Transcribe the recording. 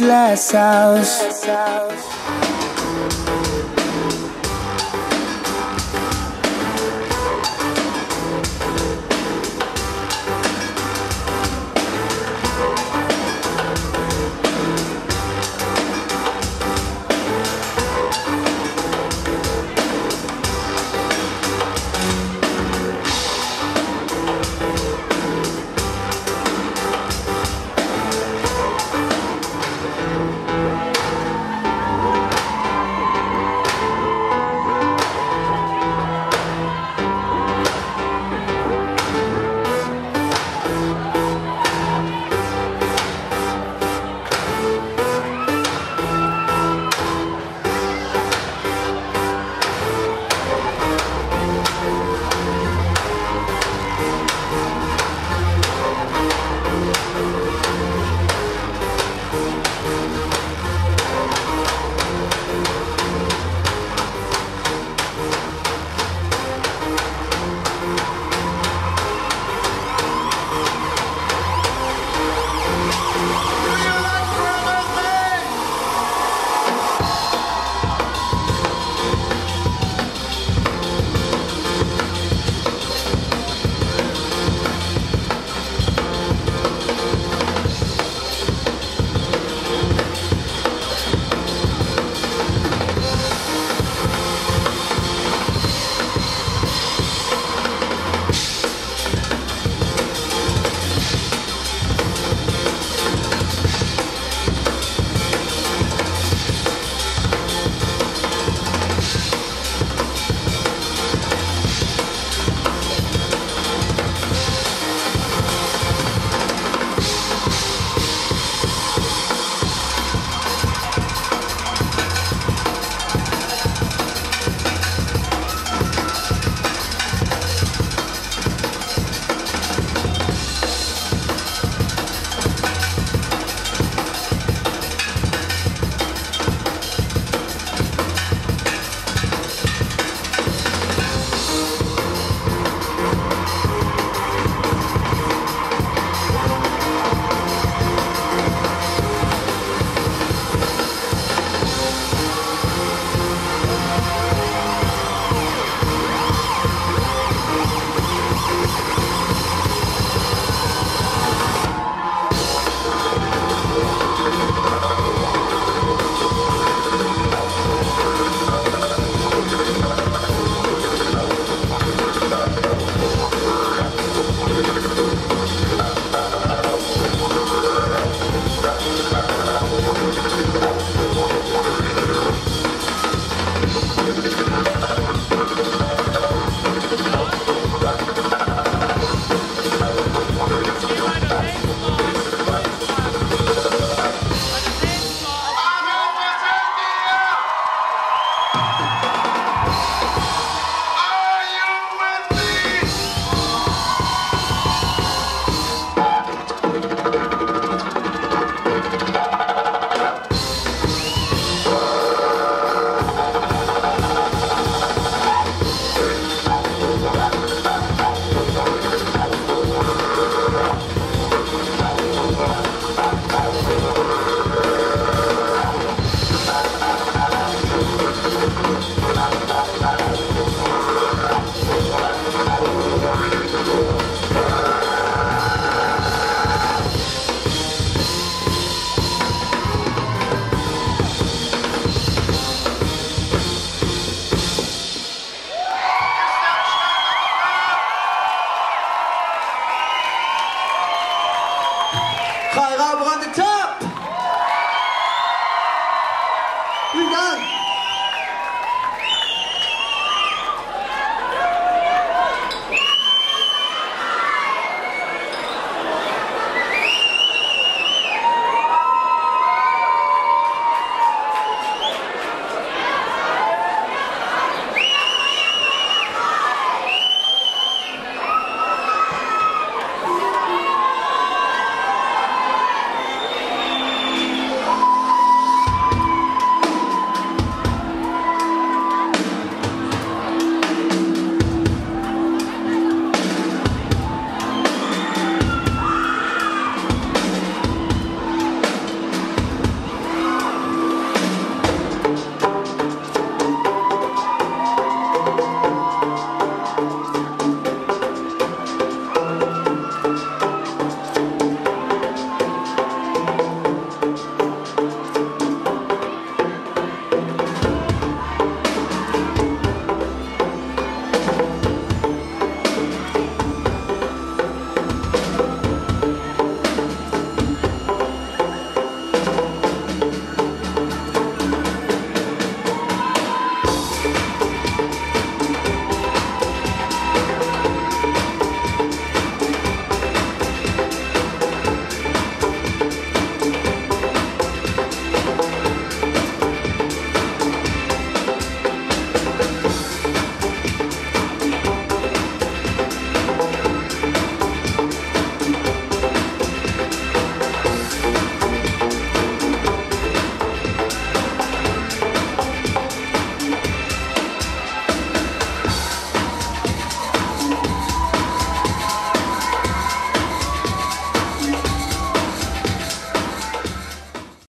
glass house. Kara Brandetag!